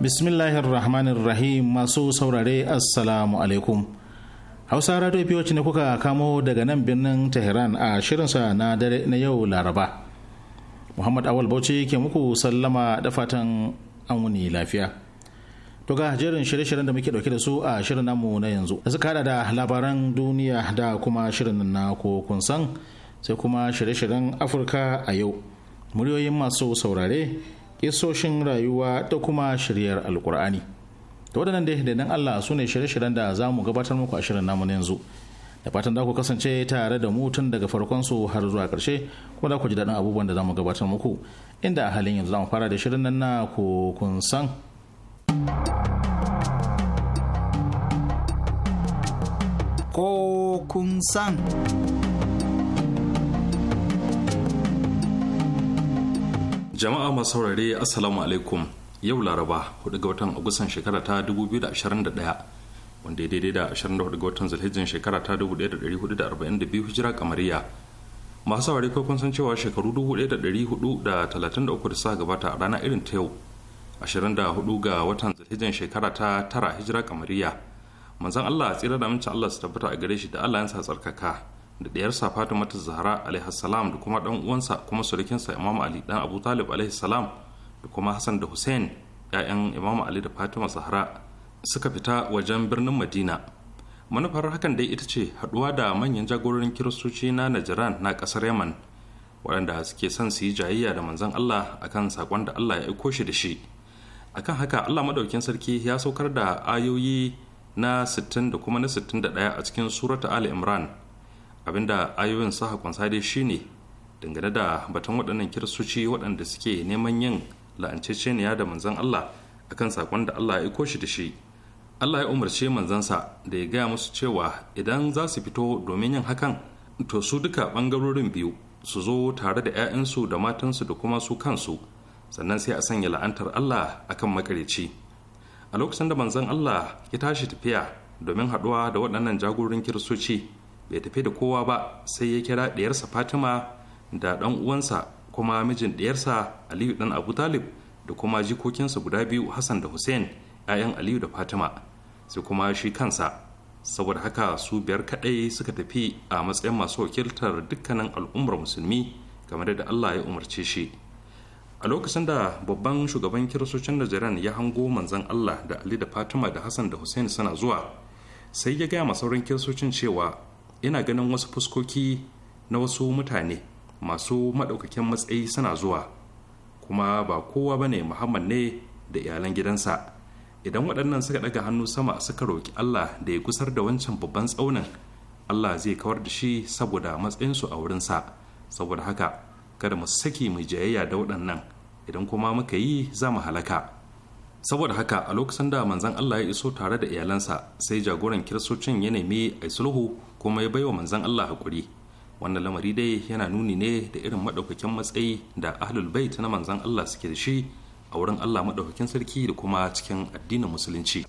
bismillahir rahmanir rahim masu saurare assalamu alaikum hausa radio biyoci ne kuka kamo daga nan birnin tehran a shirinsa na dare na yau laraba muhammad awal bauchi ke muku sallama da fatan an wuni lafiya to ga jerin shirye-shiryen da muke dauke da su a shirin namu na yanzu da suka hada da labaran duniya da kuma shirin na ko kun san sai kuma shirye-shiryen afirka a yau muryoyin masu saurare isoshin rayuwa da kuma shiryar alkur'ani da waɗannan dai da dan Allah su ne shirye-shiryen da za mu gabatar muku a shirin namu na yanzu da fatan da ku kasance tare da mu tun daga farkon su har zuwa ƙarshe kuma da ku ji daɗin abubuwan da za mu gabatar muku inda a halin yanzu za mu fara da shirin nan na ku kun san ko kun san jama'a masu saurare assalamu alaikum yau laraba 4 ga watan agustan shekara ta 2021 wanda ya daidai da 24 ga watan zulhijjin shekara ta 1442 hijira kamariya masu saurare ko kun san cewa shekaru 1433 da suka gabata a rana irin ta yau 24 ga watan zulhijjin shekara ta 9 hijira kamariya manzon Allah tsira da amincin Allah su tabbata a gare shi da Allah yansa tsarkaka da ɗiyarsa Fatimatu Zahra alaihi salam da kuma ɗan uwansa kuma surukinsa Imam Ali dan Abu Talib alaihi salam da kuma Hassan da Hussein ‘ya'yan Imam Ali da Fatima Zahra suka fita wajen birnin Madina. Manufar hakan dai ita ce haɗuwa da manyan jagororin kiristoci na Najran na ƙasar Yaman waɗanda suke son su yi jayayya da manzon Allah akan saƙon da Allah ya aiko shi da shi. Akan haka Allah madaukin sarki ya saukar da ayoyi na 60 da kuma na 61 a cikin surata Ali Imran abinda ayoyin hakon sade dai shine dangane da batun waɗannan kiristoci waɗanda suke neman yin la'anceceniya da manzan Allah akan sakon da Allah ya iko shi da shi Allah ya umarce manzansa da ya gaya musu cewa idan za su fito domin yin hakan to su duka bangarorin biyu su zo tare da 'ya'yansu da matansu da kuma su kansu sannan sai a sanya la'antar Allah akan makareci a lokacin da manzan Allah ya tashi tafiya domin haɗuwa da waɗannan jagororin kiristoci bai tafi da kowa ba sai ya kira ɗiyarsa fatima da ɗan uwansa kuma mijin ɗiyarsa aliyu ɗan abu talib da kuma jikokinsa guda biyu hassan da hussein 'ya'yan aliyu da fatima sai kuma shi kansa saboda haka su biyar kaɗai suka tafi a matsayin masu wakiltar dukkanin al'ummar musulmi game da allah ya umarce shi a lokacin da babban shugaban kiristocin najeriya ya hango manzan allah da ali da fatima da hassan da hussein suna zuwa sai ya gaya sauran kiristocin cewa Ina ganin wasu fuskoki na wasu mutane masu maɗaukakin matsayi suna zuwa kuma ba kowa ba ne muhammad ne da iyalan gidansa idan waɗannan suka ɗaga hannu sama suka roƙi allah da ya gusar da wancan babban tsaunin allah zai kawar da shi saboda matsayinsu a wurinsa saboda haka kada mu saki mu jayayya da waɗannan idan kuma muka yi za mu halaka saboda haka a lokacin da manzon allah ya iso tare da iyalansa sai jagoran kiristocin ya nemi a sulhu kuma ya baiwa manzan Allah hakuri wannan lamari dai yana nuni ne da irin madaukakin matsayi da ahlul bait na manzan Allah suke da shi a wurin Allah madaukakin sarki da kuma cikin addinin musulunci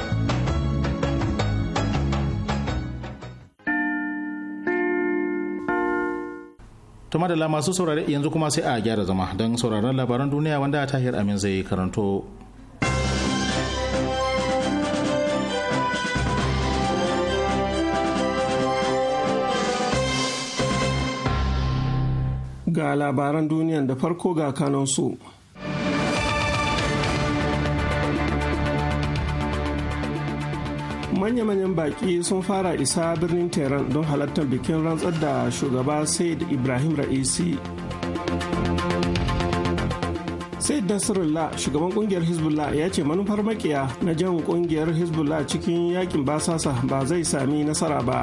To madalla masu saurare yanzu kuma sai a gyara zama don sauraron labaran duniya wanda Tahir Amin zai karanto. Ga labaran duniyan da farko ga kanansu. manya-manyan baki sun fara isa birnin tehran don halartar bikin rantsar da shugaba said ibrahim ra'isi said nasrullah shugaban kungiyar hezbollah ya ce manufar makiya na jan kungiyar hezbollah cikin yakin basasa ba zai sami nasara ba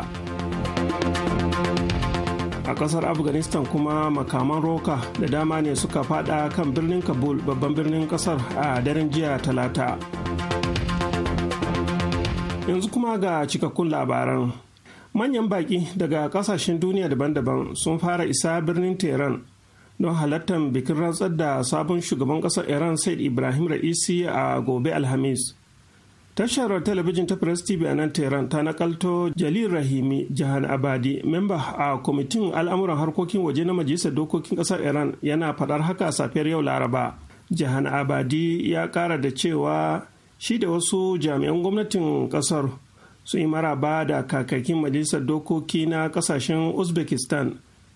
a kasar afghanistan kuma makaman roka da dama ne suka fada kan birnin kabul babban birnin kasar a daren jiya talata yanzu kuma ga cikakkun labaran manyan baki daga kasashen duniya daban-daban sun fara isa birnin tehran don halartar bikin rantsar da sabon shugaban kasar iran said ibrahim ra'isi a gobe alhamis tashar talabijin ta press tv a nan tehran ta nakalto jalil rahimi jahan abadi memba a kwamitin al'amuran harkokin waje na majalisar dokokin kasar iran yana faɗar haka safiyar yau laraba jahan abadi ya ƙara da cewa shi da wasu jami'an gwamnatin kasar su yi maraba da kakakin majalisar dokoki na kasashen uzbekistan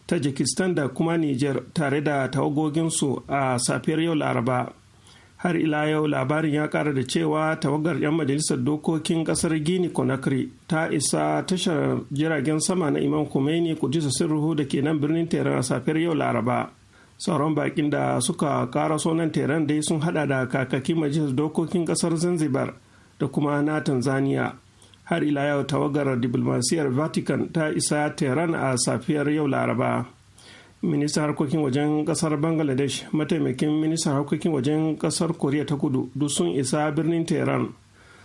tajikistan da kuma niger tare da tawagoginsu a safiyar yau laraba har ila yau labarin ya kara da cewa tawagar 'yan majalisar dokokin kasar gini conakry ta isa tashar jiragen sama na imam khomeini kudisa sirruhu da ke nan birnin teran a safiyar yau laraba sauran bakin da suka kara sonan teran dai sun hada da kakakin majalisar dokokin kasar zanzibar da kuma na tanzania har ila yau tawagar diplomasiyar vatican ta isa teran a safiyar yau laraba ministan harkokin wajen kasar bangladesh mataimakin ministan harkokin wajen kasar koriya ta kudu duk sun isa birnin teran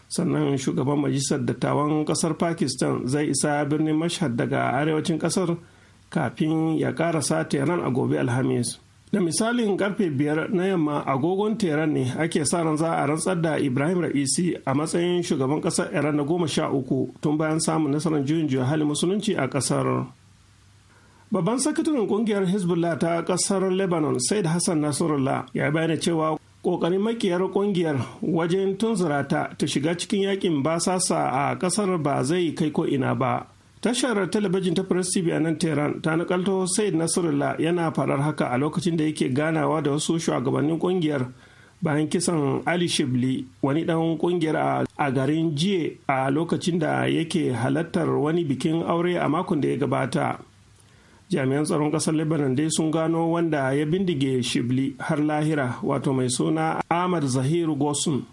sannan shugaban majalisar dattawan kasar pakistan zai isa birnin mashhad daga arewacin kasar kafin ya karasa teran a gobe alhamis da misalin karfe biyar na yamma agogon teran ne ake sa ran za a rantsar da ibrahim ra'isi a matsayin shugaban kasar iran na goma sha uku tun bayan samun nasarar juyin juya hali musulunci a kasar babban sakataren kungiyar hezbollah ta kasar lebanon said hassan nasrullah ya bayyana cewa kokarin makiyar kungiyar wajen tunzura ta shiga cikin yakin basasa a kasar ba zai kai ko ina ba tashar talabijin ta press tv a nan tehran ta nakalto said nasrullah yana farar haka a lokacin da yake ganawa da wasu shugabannin kungiyar bayan kisan ali shibli wani dan kungiyar a garin jiya a lokacin da yake halartar wani bikin aure a makon da ya gabata jami'an tsaron kasar lebanon dai sun gano wanda ya bindige shibli har lahira wato mai suna ahmad zahiru gosun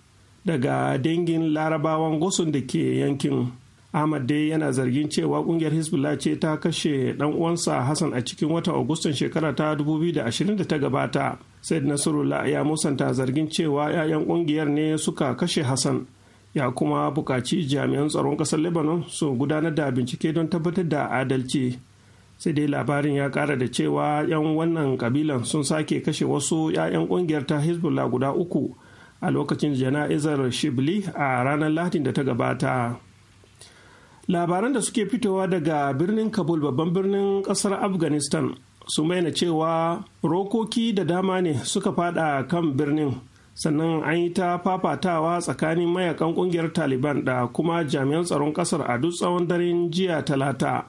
daga dangin larabawan gosun da ke yankin ahmad dai yana zargin cewa kungiyar hezbollah ce ta kashe dan uwansa hassan a cikin watan agustan shekara ta 2020 da ta gabata said nasrullah ya musanta zargin cewa 'ya'yan kungiyar ne suka kashe hassan ya kuma buƙaci jami'an tsaron ƙasar lebanon su gudanar da bincike don tabbatar da adalci sai dai labarin ya ƙara da cewa 'yan wannan kabilan sun sake kashe wasu 'ya'yan ƙungiyar ta hezbollah guda uku a lokacin jana'izar shibli a ranar lahadin da ta gabata labaran da suke fitowa daga birnin kabul babban birnin kasar afghanistan su maina cewa rokoki da dama ne suka fada kan birnin sannan an yi ta fafatawa tsakanin mayakan kungiyar taliban da kuma jami'an tsaron kasar a duk tsawon daren jiya talata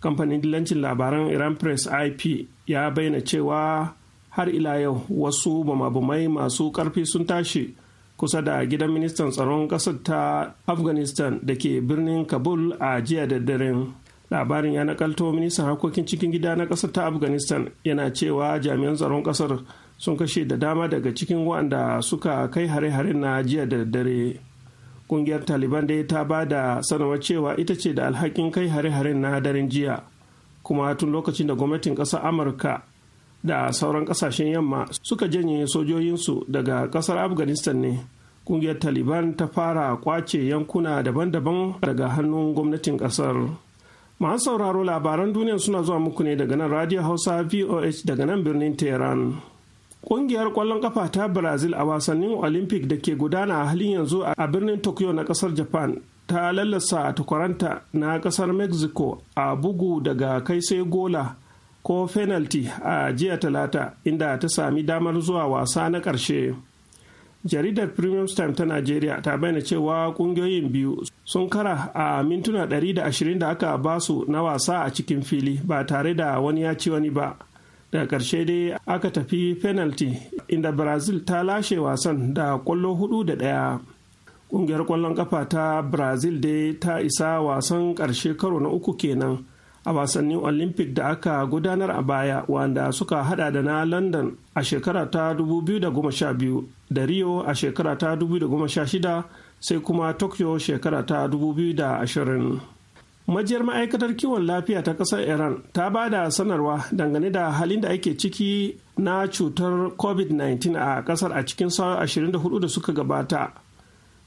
kamfanin dillancin labaran iran press ip ya bayyana cewa har ila yau wasu bamabamai masu karfi sun tashi kusa da gidan ministan tsaron Kasar ta afghanistan da ke birnin kabul a jiya da daren labarin ya nakalto ministan harkokin cikin gida na ƙasar ta afghanistan yana cewa jami'an tsaron ƙasar sun kashe da dama daga cikin waɗanda suka kai hare haren na jiya da dare ƙungiyar taliban dai ta ba da sanarwar cewa ita ce da alhakin kai hare-haren na daren jiya kuma tun lokacin da gwamnatin ƙasar amurka da sauran kasashen yamma suka janye sojojinsu daga kasar afghanistan ne kungiyar taliban ta fara kwace yankuna daban-daban daga hannun gwamnatin kasar masu sauraro labaran duniya suna zuwa muku ne daga nan radio hausa voh daga nan birnin tehran Ƙungiyar ƙwallon ƙafa ta Brazil a wasannin Olympic da ke gudana a halin yanzu a birnin Tokyo na ƙasar Japan ta lallasa takwaranta na ƙasar Mexico a bugu daga kai sai gola ko fenalti a jiya talata inda ta sami damar zuwa wasa na ƙarshe jaridar premium time ta nigeria ta bayyana cewa ƙungiyoyin biyu sun kara a mintuna 120 da aka basu na wasa a cikin fili ba tare da wani ya ci wani ba daga ƙarshe dai aka tafi fenalti inda brazil ta lashe wasan da kwallo hudu da ɗaya ƙungiyar kwallon ƙafa ta brazil dai ta isa wasan ƙarshe karo na uku kenan a wasannin olympic da aka gudanar a baya wanda suka hada da na london a shekara ta 2012 da rio a shekara ta 2016 sai kuma tokyo shekara ta 2020 majiyar ma'aikatar kiwon lafiya ta kasar iran ta ba da sanarwa dangane da halin da ake ciki na cutar covid-19 a kasar a cikin sa'a 24 da suka gabata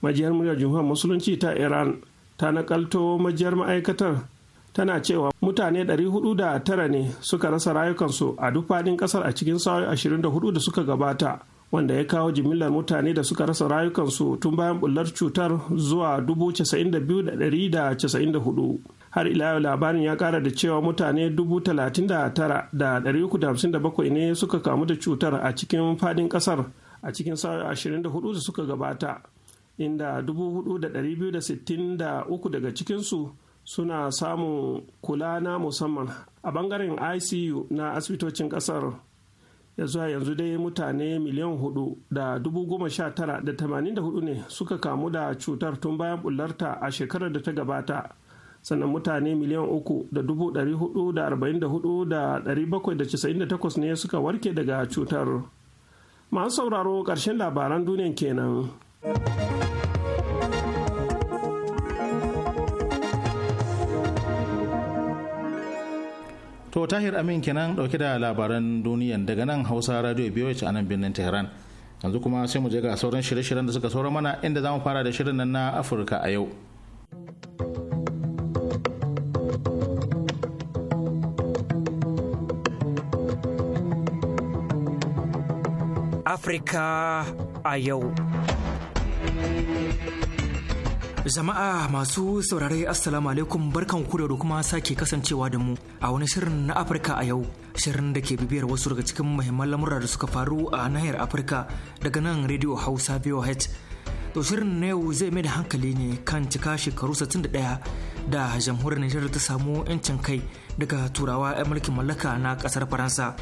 majiyar muryar jamhuriyar musulunci ta iran ta nakalto majiyar ma'aikatar tana cewa mutane 409 ne suka rasa rayukansu a duk fadin kasar a cikin sa'o'i 24 da suka gabata wanda ya kawo jimillar mutane da suka rasa rayukansu tun bayan bullar cutar zuwa 92,194 har ila yau labarin ya kara da cewa mutane 39,357 ne suka kamu da cutar a cikin fadin kasar a cikin sa'o'i 24 da suka gabata inda 4,263 daga cikinsu suna samun kula na musamman a bangaren icu na asibitocin kasar ya zuwa yanzu dai mutane miliyan hudu da dubu goma sha tara da tamanin da hudu ne suka kamu da cutar tun bayan bullarta a shekarar da ta gabata sannan mutane miliyan uku da dubu dari hudu da arba'in da hudu da dari bakwai da casa'in da takwas ne suka warke daga cutar masu sauraro ƙarshen labaran duniyan kenan. to tahir amin kenan dauke da labaran duniyan daga nan hausa radio biyu a nan birnin tehran yanzu kuma sai mu je ga sauran shirye-shiryen da suka saura mana inda za mu fara da shirin nan na afirka a yau afirka a yau Jama'a masu saurare Assalamu alaikum barkan ku da kuma sake kasancewa da mu a wani shirin na Afirka a yau shirin da ke bibiyar wasu daga cikin muhimman lamura da suka faru a nahiyar Afirka daga nan Radio Hausa VOH. To shirin na yau zai mai da hankali ne kan cika shekaru 61 da jamhuriyar Nijar ta samu 'yancin kai daga turawa 'yan mulkin mallaka na kasar Faransa.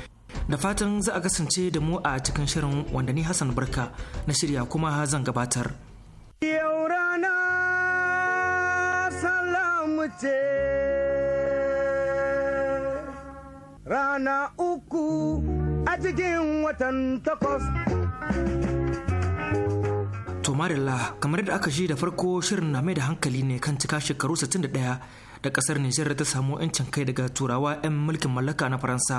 Da fatan za a kasance da mu a cikin shirin wanda ni Hassan Barka na shirya kuma zan gabatar. Yau rana salamu ce rana uku a cikin watan takwas. To kamar da aka shi da farko shirin na mai da hankali ne kan cika shekaru 61 da kasar Nijar ta samu 'yancin kai daga turawa 'yan mulkin mallaka na Faransa.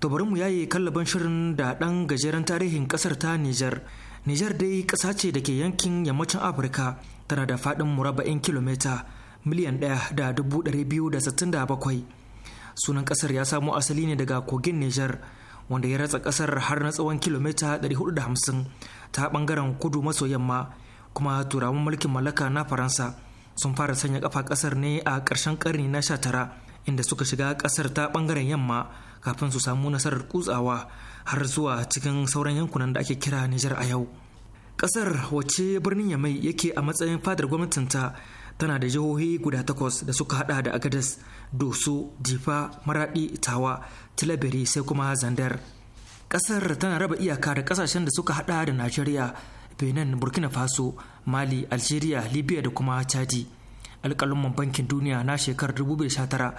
To bari mu yaye kallaban shirin da ɗan gajeren tarihin ƙasar ta Nijar. Nijar dai ƙasa ce da ke yankin yammacin Afirka tana da faɗin murabba'in kilomita. miliyan ɗaya da dubu ɗari biyu da sittin da bakwai sunan ƙasar ya samo asali ne daga kogin nijar wanda ya ratsa ƙasar har na tsawon kilomita 450 ta ɓangaren kudu maso yamma kuma turawan mulkin mallaka na faransa sun fara sanya kafa ƙasar ne a ƙarshen ƙarni na tara inda suka shiga ƙasar ta ɓangaren yamma kafin su samu nasarar kutsawa har zuwa cikin sauran yankunan da ake kira nijar a yau ƙasar wacce birnin yamai yake a matsayin fadar gwamnatinta tana da jihohi guda takwas da suka hada da agadas doso difa maradi tawa tilabiri sai kuma zandar kasar tana raba iyaka da kasashen da suka hada da najeriya benin burkina faso mali algeria libya da kuma chadi alkalumman bankin duniya na shekarar 2019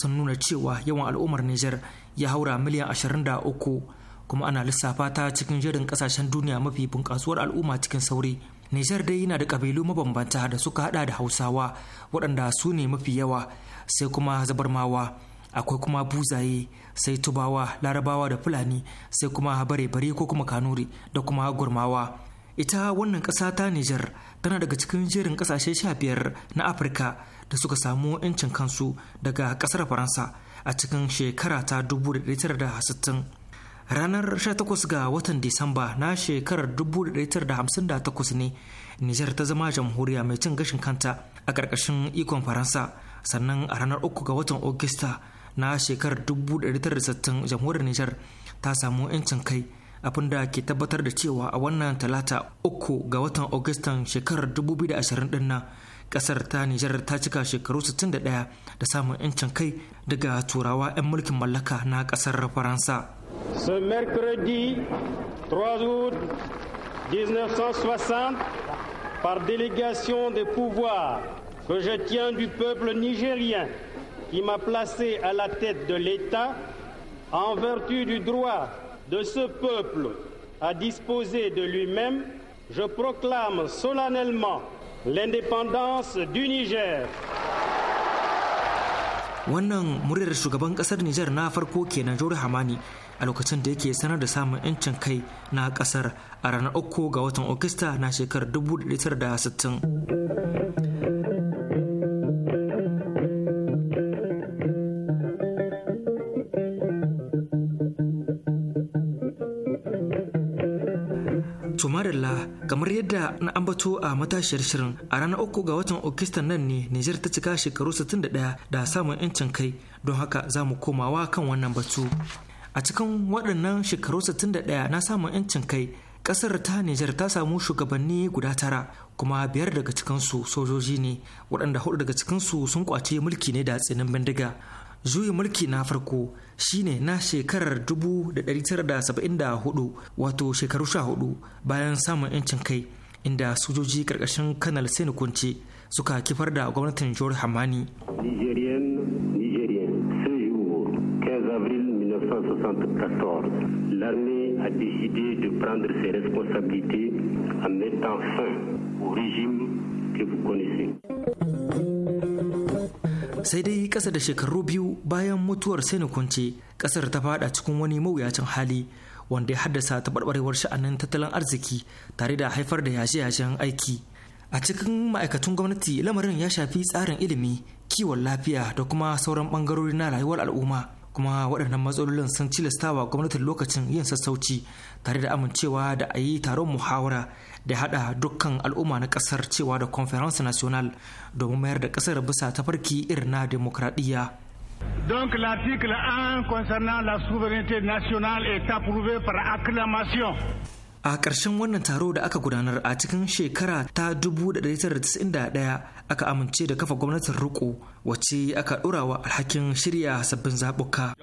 sun nuna cewa yawan al'ummar niger ya haura miliyan 23 kuma ana lissafa ta cikin jerin kasashen duniya mafi bunkasuwar al'umma cikin sauri Nijar dai yana da kabilu mabambanta da suka hada da Hausawa waɗanda su ne mafi yawa sai kuma zabarmawa akwai kuma buzaye sai tubawa larabawa da fulani sai kuma bare-bare ko kuma kanuri da kuma gurmawa ita wannan ƙasa ta Nijar tana daga cikin jerin ƙasashe sha biyar na Afirka da suka samu 'yancin kansu daga ƙasar Faransa a cikin shekara ta 1960 ranar 18 ga watan disamba na shekarar 1958 ne nijar ta zama jamhuriya mai cin gashin kanta a ƙarƙashin ikon faransa sannan a ranar 3 ga watan Ogista na shekarar 1960 jamhuriyar nijar ta samu 'yancin kai abin da ke tabbatar da cewa a wannan talata 3 ga watan Ogistan shekarar 2020 din kasar ta nijar ta cika shekaru 61 da samun 'yancin kai daga turawa 'yan mulkin mallaka na kasar faransa Ce mercredi 3 août 1960, par délégation des pouvoirs que je tiens du peuple nigérien qui m'a placé à la tête de l'État, en vertu du droit de ce peuple à disposer de lui-même, je proclame solennellement l'indépendance du Niger. Wannan na Hamani a lokacin da yake sanar da samun 'yancin kai na kasar a ranar uku ga watan Okista na shekarar 1960. Tumarilla kamar yadda na ambato a matashiyar shirin a ranar uku ga watan Okistan nan ne Nijar ta cika shekaru 61 da samun 'yancin kai don haka za mu komawa kan wannan batu. a cikin waɗannan shekaru 61 na samun 'yancin kai ƙasar ta Nijar ta samu shugabanni guda tara kuma biyar daga cikinsu sojoji ne waɗanda hudu daga cikinsu sun kwace mulki ne da tsinin bindiga juyin mulki na farko shine na shekarar 1974 wato shekaru 14 bayan samun 'yancin kai inda sojoji karkashin kanal sai kunce suka kifar da gwamnatin jihar hamani 1974, l'armée a décidé de prendre ses responsabilités en mettant fin au régime que vous connaissez. sai dai kasa da shekaru biyu bayan mutuwar sai kunce kasar ta fada cikin wani mawuyacin hali wanda ya haddasa taɓarɓarewar sha'anin tattalin arziki tare da haifar da yashe-yashen aiki a cikin ma'aikatun gwamnati lamarin ya shafi tsarin ilimi kiwon lafiya da kuma sauran ɓangarori na rayuwar al'umma kuma waɗannan matsalolin sun cilastawa gwamnatin lokacin yin sassauci tare da amincewa da a yi taron muhawara da haɗa dukkan al'umma na ƙasar cewa da conference national domin mayar da ƙasar bisa ta farki irin na demokradiyya Donc l'article 1 concernant la souveraineté nationale est approuvé par acclamation. a ƙarshen wannan taro da aka gudanar a cikin shekara ta 1991 aka amince da kafa gwamnatin riko wace aka ɗorawa alhakin shirya sabbin zaɓuka.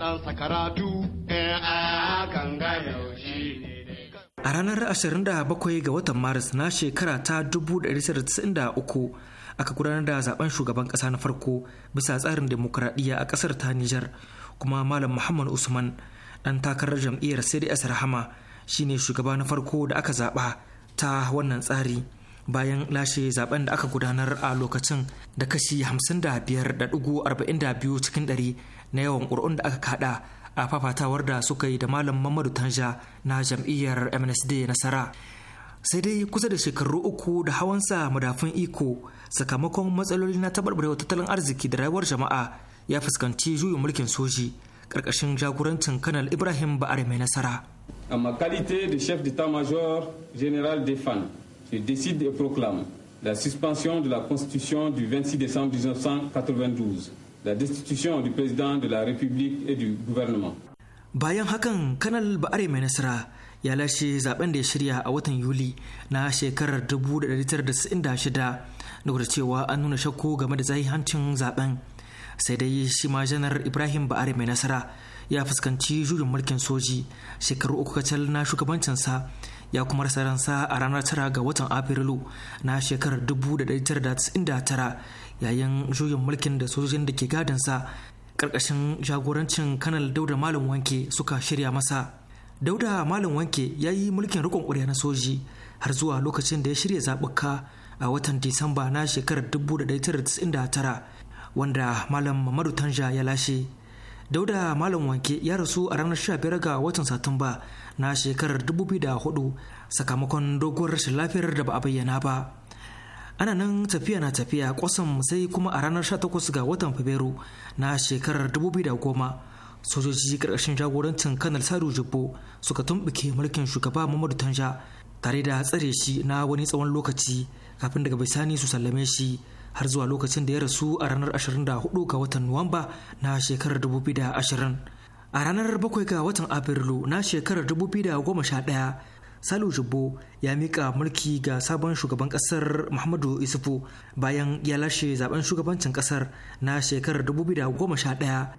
ɗansa karatu eh, A ranar 27 ga watan Maris na shekara ta 1993 aka gudanar da zaben shugaban ƙasa na farko bisa tsarin demokuraɗiyya a ƙasar ta Nijar kuma Malam Muhammad Usman ɗan takarar jam'iyyar CDS Rahama shine shugaba na farko da aka zaɓa ta wannan tsari. bayan lashe zaben da aka gudanar a lokacin da kashi 55.42 cikin ɗari na yawan ƙuri'un da aka kada a fafatawar da suka yi da malam mamadu tanja na jam'iyyar msd nasara sai dai kusa da shekaru uku da hawansa madafin iko sakamakon matsaloli na taɓarɓarewa tattalin arziki da rayuwar jama'a ya fuskanci juyin mulkin soji ƙarƙashin jagorancin kanal ibrahim ba'ar mai nasara a makalite de chef d'état-major general defan fan. je décide et proclame la suspension de la Constitution du 26 décembre 1992, la destitution du président de la République et du gouvernement. Bayan hakan, Kanal Ba'are mai nasara ya lashe zaben da ya shirya a watan Yuli na shekarar 1996 da cewa an nuna shakku game da zahihancin zaben. Sai dai shi ma janar Ibrahim Ba'are mai nasara ya fuskanci juyin mulkin soji shekaru uku kacal na shugabancinsa ya kuma rasa ransa a ranar tara ga watan afrilu na shekarar 1999 yayin juyin mulkin da sojojin da ke gadansa karkashin jagorancin kanal dauda malam wanke suka shirya masa dauda malam wanke ya yi mulkin rikon ƙuri'a na soji har zuwa lokacin da ya shirya zaɓuka a watan disamba na shekarar 1999 wanda malam mamadu tanja ya lashe dauda malam wanke ya rasu a ranar 15 ga watan satumba na shekarar 2004 sakamakon doguwar rashin lafiyar da ba a bayyana ba ana nan tafiya na tafiya kwasan sai kuma a ranar 18 ga watan fabrairu na shekarar 2010 sojoji karkashin jagorancin kanal sadu jibbo suka tumbuke mulkin shugaba mamadu tanja tare da tsare shi na wani tsawon lokaci kafin daga bisani su sallame shi har zuwa lokacin da ya rasu a ranar 24 ga watan nuwamba na shekarar 2020 a ranar bakwai ga watan afrilu na shekarar 2011 salu jubbo ya mika mulki ga sabon shugaban kasar muhammadu isufu bayan ya lashe zaben shugabancin kasar na shekarar 2011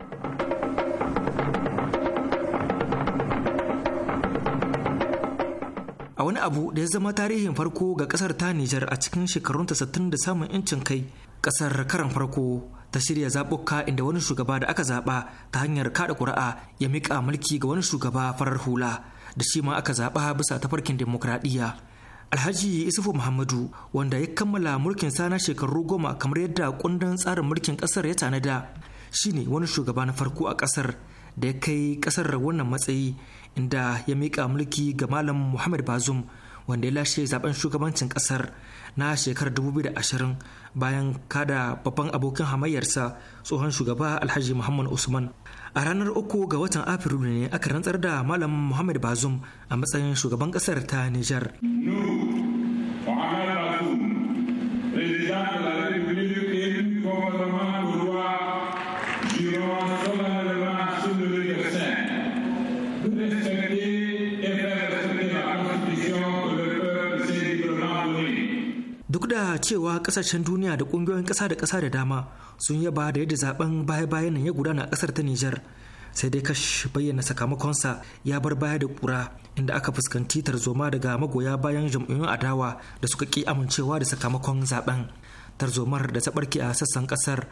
a wani abu da ya zama tarihin farko ga kasar ta Nijar a cikin shekarunta 60 da samun incin kai kasar karan farko ta shirya zaɓuka inda wani shugaba da aka zaɓa ta hanyar kaɗa ƙuri'a ya miƙa mulki ga wani shugaba farar hula da shi ma aka zaɓa bisa ta farkin demokradiyya. Alhaji Isufu Muhammadu wanda ya kammala mulkin sa shekaru goma kamar yadda kundin tsarin mulkin ƙasar ya tanada shine wani shugaba na farko a ƙasar da ya kai ƙasar wannan matsayi inda ya miƙa mulki ga Malam Muhammad Bazum wanda ya lashe zaben shugabancin kasar na shekarar 2020 bayan kada babban abokin hamayyarsa tsohon shugaba alhaji muhammad usman a ranar uku ga watan afrilu ne aka rantsar da malam muhammad bazum a matsayin shugaban kasar ta nijar. da cewa kasashen duniya da kungiyoyin kasa da kasa da dama sun yaba da yadda zaben baya-bayan nan ya gudana a kasar ta Nijar sai dai kash bayyana sakamakonsa ya bar baya da kura inda aka fuskanci tarzoma daga magoya bayan jam'iyyun adawa da suka ki amincewa da sakamakon zaben tarzomar da ta barke a sassan kasar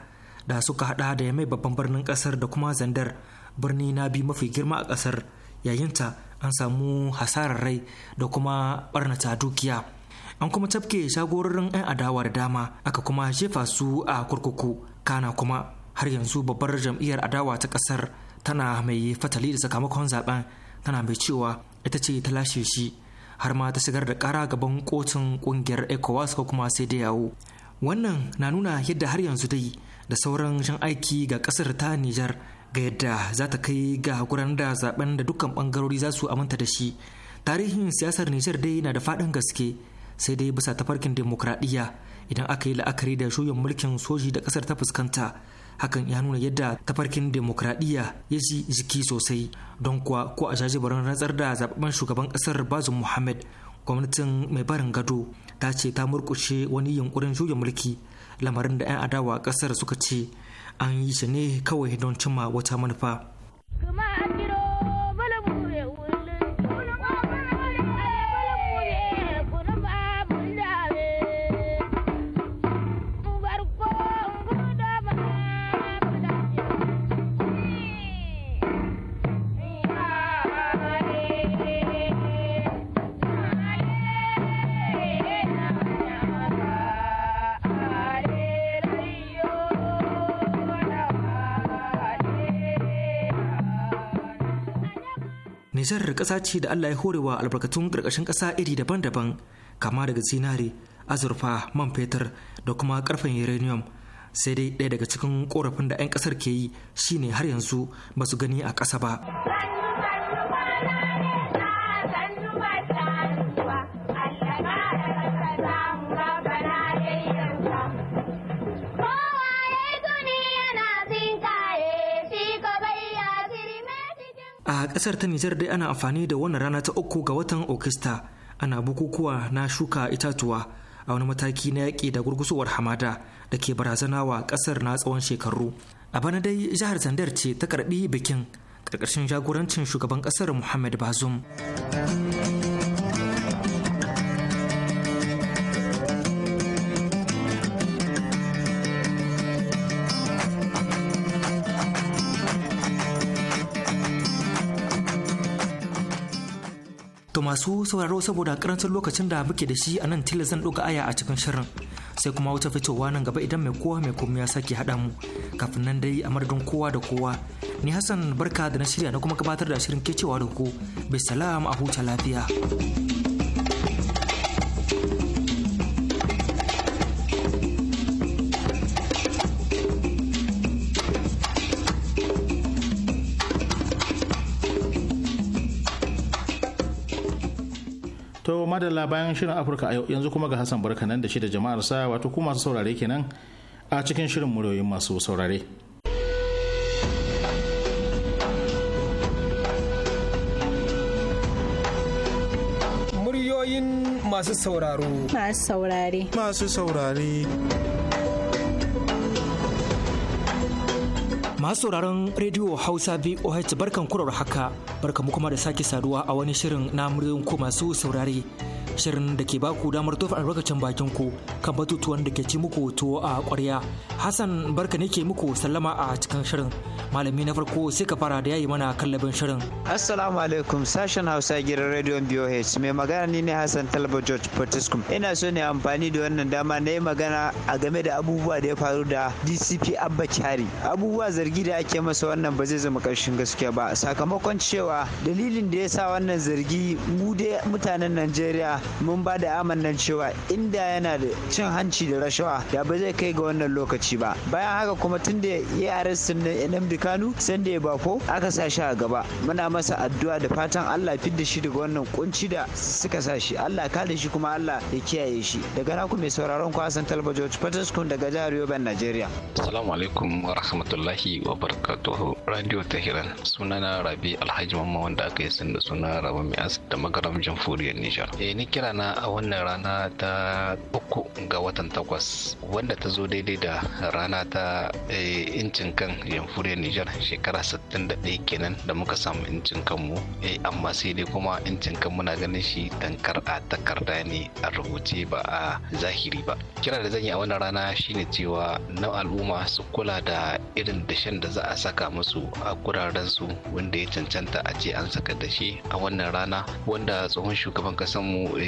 da suka hada da ya mai babban birnin kasar da kuma zandar birni na bi mafi girma a kasar yayinta an samu hasarar rai da kuma barnata dukiya an kuma tafke shagororin 'yan adawa da dama aka kuma jefa su a kurkuku kana kuma har yanzu babbar jam'iyyar adawa ta kasar tana mai fatali da sakamakon zaben tana mai cewa ita ce ta lashe shi har ma ta shigar da kara gaban kotun kungiyar ecowas ko kuma sai da yawo wannan na nuna yadda har yanzu dai da sauran shan aiki ga kasar ta nijar ga yadda za ta kai ga gudanar da zaben da dukkan bangarori za su aminta da shi tarihin siyasar nijar dai na da fadin gaske sai dai bisa tafarkin demokradiyya idan aka yi la'akari da juyin mulkin soji da kasar ta fuskanta hakan ya nuna yadda tafarkin demokradiyya ya ji jiki sosai don kuwa ko a jajibarin rantsar da zababben shugaban kasar bazu muhammad gwamnatin mai barin gado ta ce ta murkushe wani yunkurin juya mulki lamarin da 'yan adawa kasar suka ce an yi shi ne kawai don cimma wata manufa. Nijar ƙasa ce da Allah ya horewa albarkatun ƙarƙashin ƙasa iri daban-daban kama daga zinare, azurfa, man fetur da kuma ƙarfen uranium. Sai dai ɗaya daga cikin ƙorafin da 'yan ƙasar ke yi shine har yanzu ba su gani a ƙasa ba. a kasar ta nijar dai ana amfani da wannan rana ta uku ga watan okista ana bukukuwa na shuka itatuwa a wani mataki na yaƙi da gurgusowar hamada da ke barazana wa kasar na tsawon shekaru a bana dai jihar zandar ce ta karɓi bikin ƙarƙashin jagorancin shugaban ƙasar muhammad bazum masu sauraro saboda karancin lokacin da muke da shi a nan zan ɗoga aya a cikin shirin sai kuma wata fitowa nan gaba idan mai kowa mai komai ya sake haɗa mu kafin nan dai a madadin kowa da kowa ni hassan barka da na shirya na kuma gabatar da shirin kecewa da ku bisalam a huta lafiya. madalla bayan shirin afirka a yau yanzu kuma ga hassan barka nan da shi da jama'ar sa wato ku masu saurare kenan a cikin shirin muryoyin masu saurare muryoyin masu sauraro masu saurare masu saurare Masu sauraron Radio Hausa VOH barkan kurar haka barka mu kuma da sake saduwa a wani shirin na muryoyin ko masu saurare. shirin da ke ba ku damar tofa albarkacin bakin ku kan batutuwan da ke ci muku tuwo a ƙwarya. Hassan barka ne ke muku sallama a cikin shirin. Malami na farko sai ka fara da yayi mana kallabin shirin. Assalamu alaikum sashen Hausa gidan rediyon BOH mai magana ni ne Hassan Talba George Potiskum. Ina so ne amfani da wannan dama na yi magana a game da abubuwa da ya faru da DCP Abba Kyari. Abubuwa zargi da ake masa wannan ba zai zama ƙarshen gaskiya ba sakamakon cewa dalilin da ya sa wannan zargi mu dai mutanen Najeriya mun ba da amannan cewa inda yana da cin hanci da rashawa da ba zai kai ga wannan lokaci ba bayan haka kuma tun da ya arrestin na Nnamdi Kanu sanda ya bafo aka sa shi a gaba muna masa addu'a da fatan Allah fidda shi daga wannan kunci da suka sa shi Allah kare shi kuma Allah ya kiyaye shi daga naku mai sauraron ku Hassan Talba George Patterson daga jihar Yobe Najeriya Assalamu alaikum wa rahmatullahi wa barakatuhu Radio Tahiran sunana Rabi Alhaji Mamman wanda aka yi sanda suna Rabi Mai da magaram jamhuriyar Nijar eh kira na a wannan rana ta uku ga watan takwas wanda ta zo daidai da rana ta eh, incin kan jamhuriyar Nijar shekara 61 kenan da muka samu incin kanmu eh, amma sai dai kuma incin kan muna ganin shi tankar a takarda ne a rubuce ba a zahiri ba kira da zan yi a wannan rana shine cewa na al'umma su kula da irin dashen da za a saka musu a guraren su wanda ya cancanta a ce an saka dashe a wannan rana wanda tsohon shugaban kasanmu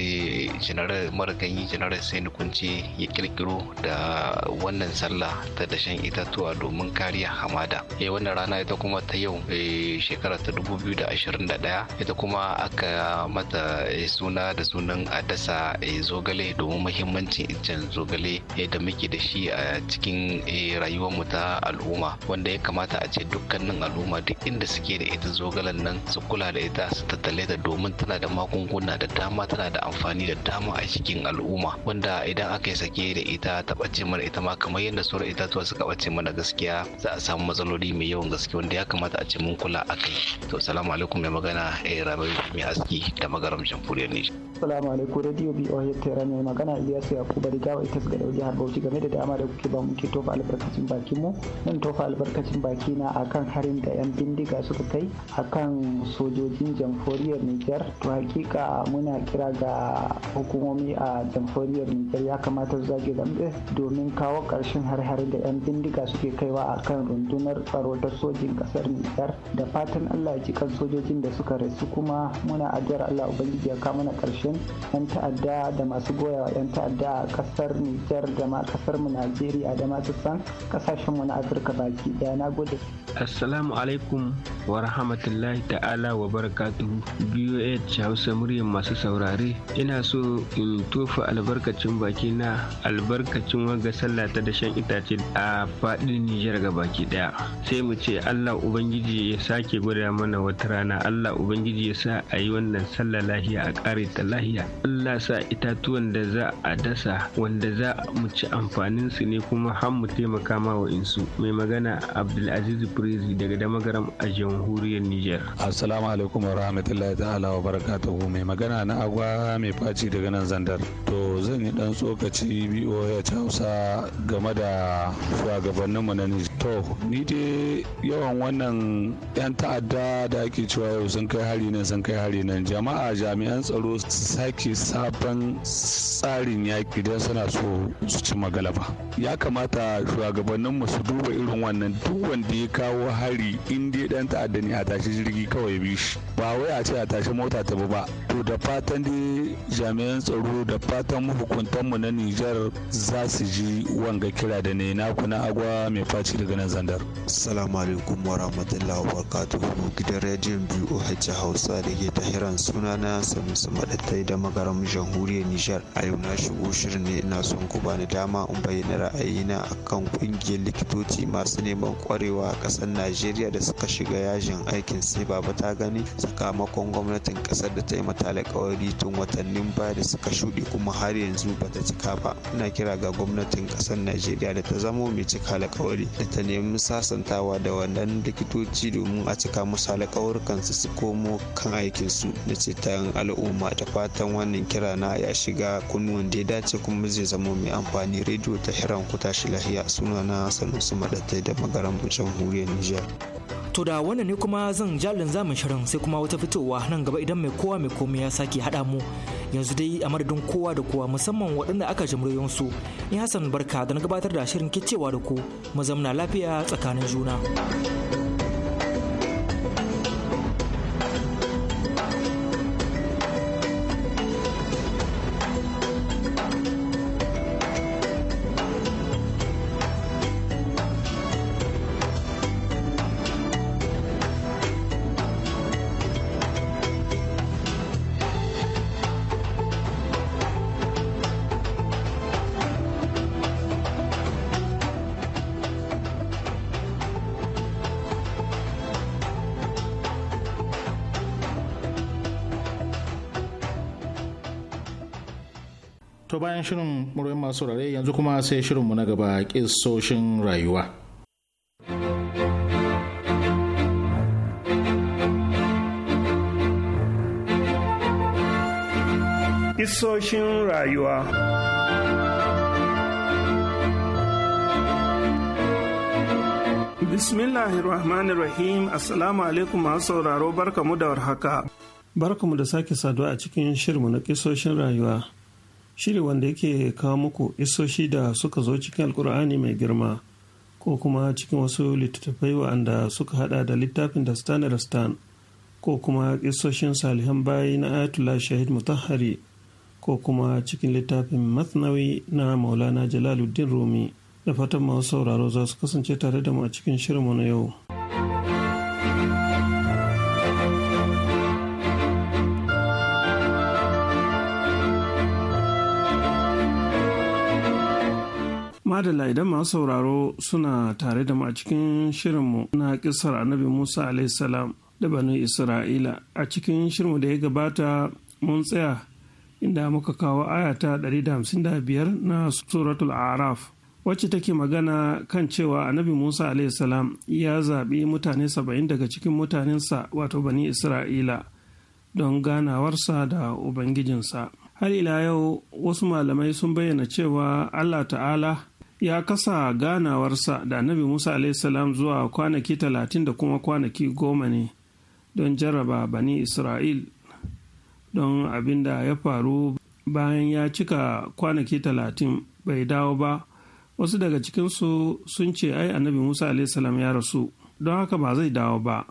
Mara ganyi janaral sai kunce ya kirkiro da wannan sallah ta dashen itatuwa domin kariya hamada ya eh, wannan rana ita kuma ta yau eh, shekara ta 2021 ita kuma aka mata eh, suna da sunan a dasa zogale domin mahimmancin iccen zogale da muke da shi a cikin rayuwarmu ta al'umma wanda ya kamata a ce dukkanin al'umma duk inda suke da ita zogalen nan su kula da ita su tattale ta domin tana da magunguna da dama tana da amfani da dama a cikin al'umma wanda idan aka yi sake da ita ta ɓace mana ita ma kamar yadda sauran itatuwa suka ɓace mana gaskiya za a samu matsaloli mai yawan gaske wanda ya kamata a ce mun kula a kai to salamu alaikum mai magana yi eh, rabai mai aski da magaram jamhuriyar nijar salamu alaikum radio ta tera mai magana ilyas bari rigawa ita suka dauki har bauchi game da dama da kuke ba muke tofa albarkacin baki mu nan tofa albarkacin baki na akan harin da yan bindiga suka kai akan sojojin jamhuriyar nijar to hakika muna kira ga da hukumomi a jamhuriyar nijar ya kamata su zage zambe domin kawo ƙarshen har-har da 'yan bindiga suke kaiwa a kan rundunar tsaro ta sojin kasar nijar da fatan allah ya ji kan sojojin da suka rasu kuma muna addu'ar allah ubangiji ya kawo mana ƙarshen 'yan ta'adda da masu goyawa 'yan ta'adda a kasar nijar da ma kasar mu najeriya da ma sassan kasashen mu na afirka baki daya na gode assalamu alaikum wa rahmatullahi ta'ala wa barakatuhu boh hausa muryar masu saurare ina so in tofa albarkacin baki na albarkacin wanga sallah ta da shan itace a fadin Nijar ga baki daya. Sai mu ce Allah Ubangiji ya sake gwada mana wata rana Allah Ubangiji ya sa a yi wannan sallah lahiya a kare ta lahiya. Allah sa itatuwan da za a dasa wanda za mu ci amfanin su ne kuma har mu taimaka ma wa insu. Mai magana Abdulaziz Prezi daga Damagaram a jamhuriyar Nijar. Assalamu alaikum wa rahmatullahi ta'ala wa barakatuhu mai magana na agwa mai faci daga nan zandar to zan yi dan tsokaci boh hausa game da mu na nijar to ni dai yawan wannan 'yan ta'adda da ake cewa yau sun kai hari nan sun kai hari nan jama'a jami'an tsaro su sake sabon tsarin yaƙi don suna so su ci magalaba ya kamata mu su duba irin wannan duk wanda ya kawo hari in dai dan ta'adda ne a tashi jirgi kawai bi shi ba wai a ce a tashi mota ta ba to da fatan dai jami'an tsaro da fatan mahukuntanmu na Nijar za su ji wanga kira da ne naku na agwa mai faci daga nan zandar. Salamu alaikum wa rahmatullahi wa barakatuhu gidan rediyon biyu hajji Hausa da ke tahiran suna na sami Maɗattai da magaram jamhuriyar Nijar. A yau na shigo shirin ne ina son ku bani dama in bayyana ra'ayina akan kungiyar likitoci masu neman kwarewa a ƙasar Najeriya da suka shiga yajin aikin sai baba ta gani sakamakon gwamnatin ƙasar da ta yi mata alƙawari tun wata watannin baya da suka shuɗe kuma har yanzu bata cika ba muna kira ga gwamnatin ƙasar najeriya da ta zamo mai cika alkawari da ta nemi sasantawa da wannan likitoci domin a cika musu alkawarkansu su komo kan aikinsu da yin al'umma da fatan wannan kira na ya shiga kunnuwan da ya dace kuma zai zamo mai amfani rediyo ta hiran ku tashi lahiya sunana sanusi maɗatai da magaran jamhuriyar nijar. To da wannan ne kuma zan jalin zamu shirin sai kuma wata fitowa nan gaba idan mai kowa mai komai ya sake haɗa mu yanzu dai a madadin kowa da kowa musamman waɗanda aka jimriyon su ni hassan barka da na gabatar da shirin kicewa da ku mu zamna lafiya tsakanin juna bayan shirin murai masu rare yanzu kuma sai shirinmu na gaba kisoshin rayuwa Kisoshin rayuwa Bismillahirrahmanirrahim Assalamu alaikum masu sauraro barkamu da warhaka. Barkamu da sake saduwa a cikin shirmu na kisoshin rayuwa. shiri wanda yake kawo muku isoshi da suka zo cikin alkur'ani mai girma ko kuma cikin wasu littattafai wa'anda suka hada da littafin da stan stan ko kuma isoshin salihan bayi na ayatollah shahid mutahari ko kuma cikin littafin matsnawi na maulana jalaluddin rumi da fatan masu sauraro za su kasance tare da mu a cikin shirinmu na yau. madalla idan masu sauraro suna tare da mu a cikin shirinmu na kisar annabi musa salam da banu isra'ila a cikin shirinmu da ya gabata mun tsaya inda muka kawo ayata 155 na suratul araf wacce take magana kan cewa annabi musa salam ya zaɓi mutane 70 daga cikin mutanensa wato bani isra'ila don ganawarsa da ubangijinsa har ila yau wasu malamai sun bayyana cewa allah ta'ala ya kasa ganawarsa da annabi musa salam zuwa kwanaki talatin da kuma kwanaki goma ne don jarraba bani isra'il don abin da ya faru bayan ya cika kwanaki talatin bai dawo ba wasu daga cikinsu sun ce ai annabi musa salam ya rasu don haka ba zai dawo ba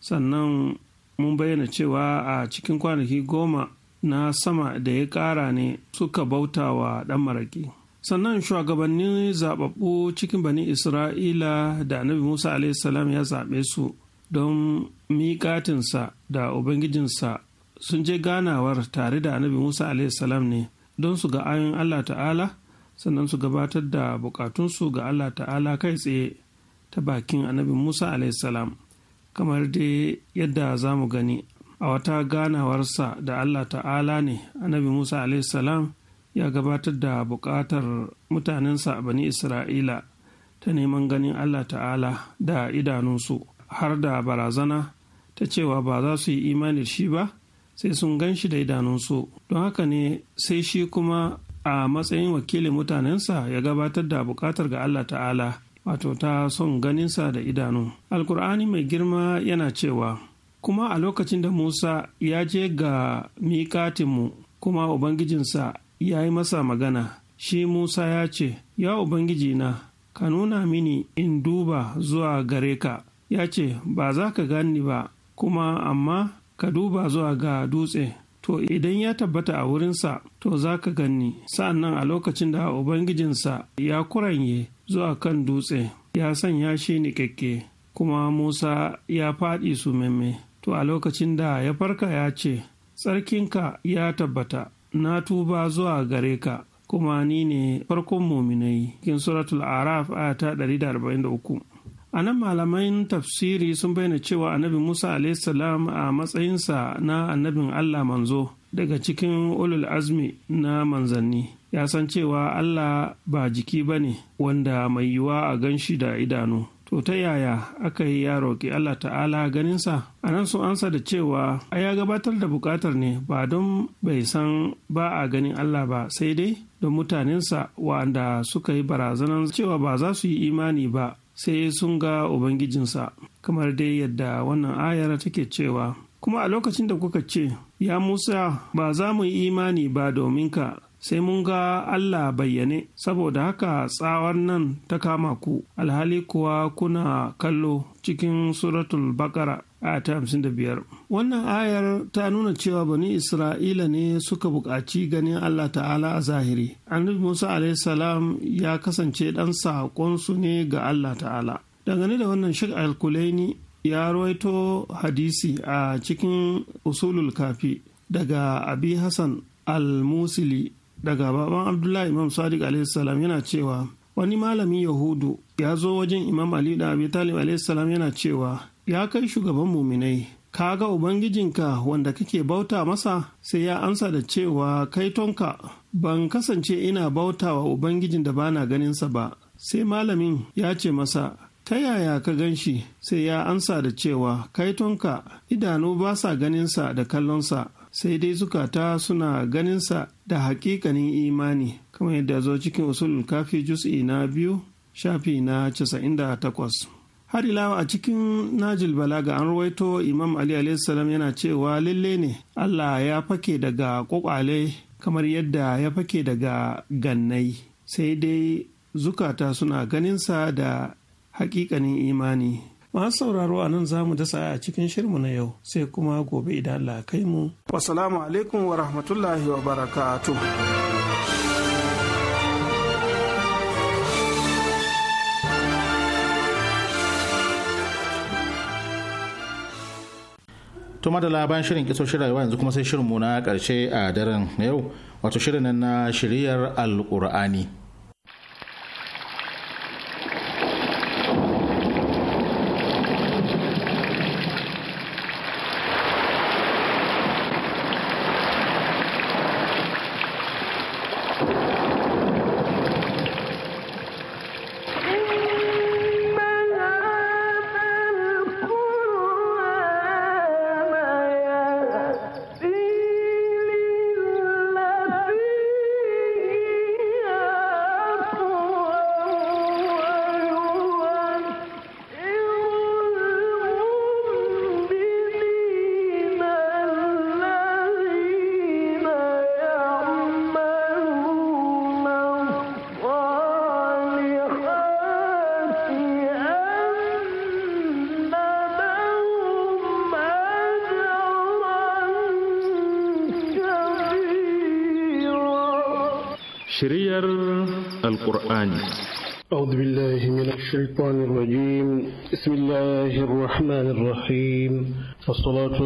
sannan mun bayyana cewa a cikin kwanaki goma na sama da ya kara ne suka bauta wa ɗan maraƙi. sannan shugabannin zaɓaɓɓu cikin bani isra'ila da annabi musa salam ya zaɓe su don miƙatinsa da ubangijinsa sun je ganawar tare da annabi musa salam ne don su ga ayon allah ta'ala sannan su gabatar da bukatunsu ga allah ta'ala kai tsaye ta bakin annabi musa salam kamar dai yadda za mu gani a wata ganawarsa da allah ta'ala ne annabi musa salam ya gabatar da buƙatar mutanensa a bani isra'ila ta neman ganin allah ta'ala da idanunsu har da barazana ta cewa ba za su yi imanin shi ba sai sun gan shi da idanunsu don haka ne sai shi kuma a matsayin wakilin mutanensa ya gabatar da buƙatar ga allah ta'ala wato ta son ganinsa da idanu alkur'ani mai girma yana cewa kuma a lokacin da musa ya je ga mikatinmu kuma ubangijinsa ya yi masa magana shi musa ya ce ya ubangiji na ka nuna mini in duba zuwa gare ka ya ce ba za ka gani ba kuma amma ka duba zuwa ga dutse to idan ya tabbata a wurinsa to za ka ganni sa'annan a lokacin da ubangijinsa ya kuranye zuwa kan dutse ya sanya shi ni niƙaƙƙe kuma musa ya faɗi su memme to a lokacin da ya farka ya ce tsarkinka ya tabbata na tuba zuwa gare ka kuma ni ne farkon muminai cikin suratul araf aya ta 143 a nan malaman tafsiri sun bayyana cewa annabi musa alaihissalam a matsayinsa na annabin allah manzo daga cikin ulul azmi na manzanni ya san cewa allah ba jiki ba ne wanda mai yiwuwa a gan shi da idanu to ta yaya aka yi ya roƙi Allah ta'ala ganinsa a nan su ansa da cewa a ya gabatar da buƙatar ne ba don bai san ba a ganin Allah ba sai dai don mutanensa wanda suka yi barazanan cewa ba za su yi imani ba sai sun ga ubangijinsa kamar dai yadda wannan ayar take cewa kuma a lokacin da kuka ce ya musa ba za mu yi imani ba domin ka sai mun ga Allah bayyane saboda haka tsawar nan ta kama ku alhali kuwa kuna kallo cikin suratul bakara a ta hamsin da biyar wannan ayar ta nuna cewa bani isra'ila ne suka buƙaci ganin allah ta'ala a zahiri annabi musa salam ya kasance ɗan saƙonsu ne ga allah ta'ala dangane da wannan al alkulaini ya rawaito hadisi a cikin usulul kafi daga abi hassan al-musili daga baban abdullahi imam sadiq alaihissalam yana cewa wani malamin yahudu ya zo wajen imam ali da abi talib alaihissalam yana cewa ya kai shugaban muminai ka ga ubangijinka wanda kake bauta masa sai ya amsa da cewa kai tonka ban kasance ina bauta wa ubangijin da bana ganinsa ba sai malamin ya ce masa ta yaya ka gan sai ya ansa da cewa kai tonka idanu ba sa ganinsa da kallonsa sai dai zukata suna ganinsa da hakikanin imani kamar yadda zo cikin usulul kafi jus'i na biyu shafi na takwas. har ilawa a cikin najil Bala ga an ruwaito imam ali salam yana cewa lalle ne allah ya fake daga kwakwale kamar yadda ya fake daga gannai sai dai zukata suna ganinsa da hakikanin imani masu sauraro a nan zamu dasa a cikin shirmu na yau sai kuma gobe idan Allah kai mu wasalamu alaikum wa rahmatullahi wa barakatuh to madala bayan shirin kisoshin rayuwa yanzu kuma sai shirinmu na karshe a daren yau wato shirin na shiriyar alkur'ani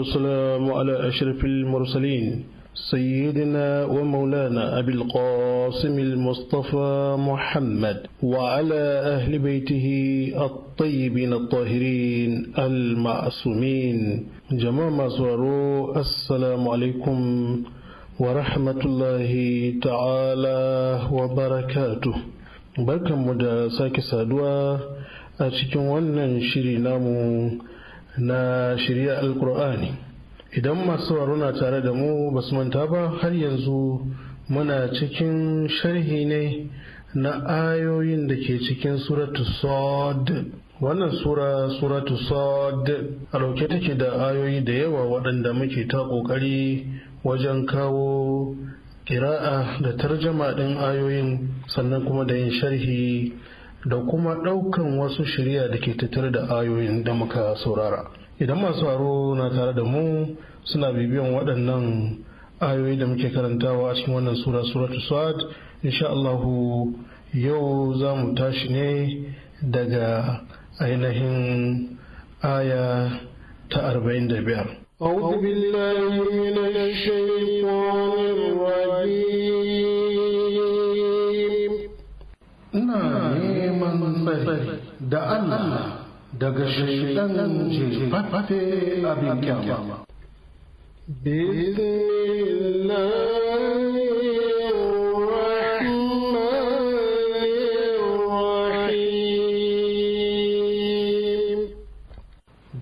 والسلام على أشرف المرسلين سيدنا ومولانا أبي القاسم المصطفى محمد وعلى أهل بيته الطيبين الطاهرين المعصومين جماعة زوارو السلام عليكم ورحمة الله تعالى وبركاته بركة مدى ساكي سادوا أتكون ونن شرينامو na shirya alkur'ani idan masu sauraro na tare da mu basu manta ba har yanzu muna cikin sharhi ne na ayoyin da ke cikin suratu sod wannan sura suratu sod a dauke take da ayoyi da yawa waɗanda muke ta ƙoƙari wajen kawo ƙira'a da tarjama ɗin ayoyin sannan kuma da yin sharhi da kuma ɗaukan wasu shirya da ke tattare da ayoyin da muka saurara idan masu haro na tare da mu suna bibiyan waɗannan ayoyi da muke karantawa a cikin wannan sura suratu swad insha Allahu yau za mu tashi ne daga ainihin aya ta 45 أعوذ بالله من الشيطان الرجيم da Allah daga shaidan jefafe abin kyama.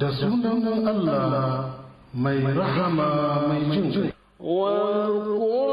Da sunan Allah mai rahama mai jin. Wa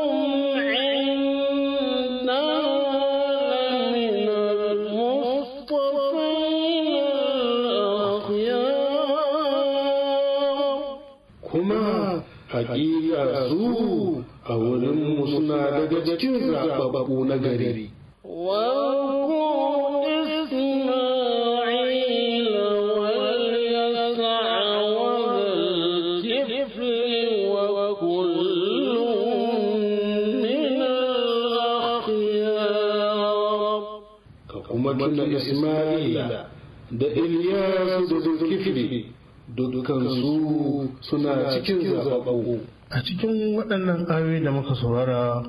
su a wurinmu suna daga cikin zaɓaɓɓu na gari. kuma Ismaila da Ilyasu da Zulkifli dukkan su suna cikin zaɓaɓɓu. a cikin waɗannan ayoyi da muka saurara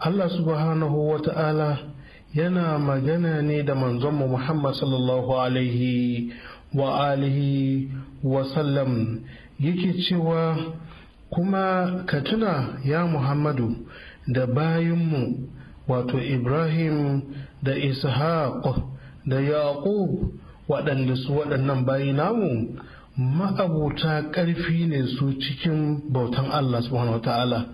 allah subhanahu wa ta'ala yana magana ne da manzonmu muhammad sallallahu alaihi wa alihi wa sallam yake cewa kuma ka tuna ya muhammadu da bayinmu wato ibrahim da ishaq da yaqub waɗanda su waɗannan bayi namu ma'abuta ƙarfi ne su cikin bautan Allah subhanahu ta'ala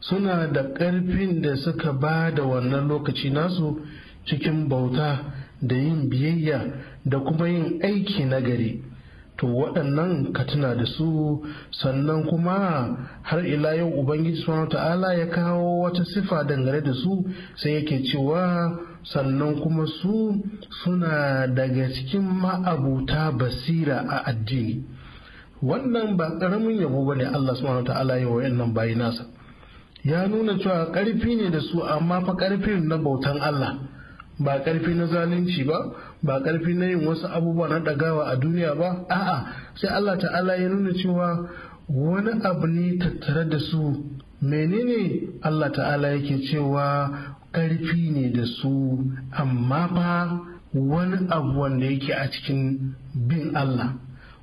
suna da ƙarfin da suka ba da wannan lokaci nasu cikin bauta da yin biyayya da kuma yin aiki na gari, to waɗannan ka tuna da su sannan kuma har ila yau ubangiji subhanahu ta'ala ya kawo wata sifa dangane da su sai yake cewa sannan kuma su suna daga cikin ma'abuta basira a addini wannan ba ƙaramin yabo ba ne Allah subhanahu ta'ala yi wa nan bayi nasa ya nuna cewa ƙarfi ne da su amma fa ƙarfi na bautan Allah ba ƙarfi na zalunci ba ba ƙarfi na yin wasu abubuwa na ɗagawa a duniya ba a'a sai Allah ta'ala ya nuna cewa wani abu ne tattare da su menene Allah ta'ala yake cewa ƙarfi ne da su amma fa wani abu wanda yake a cikin bin Allah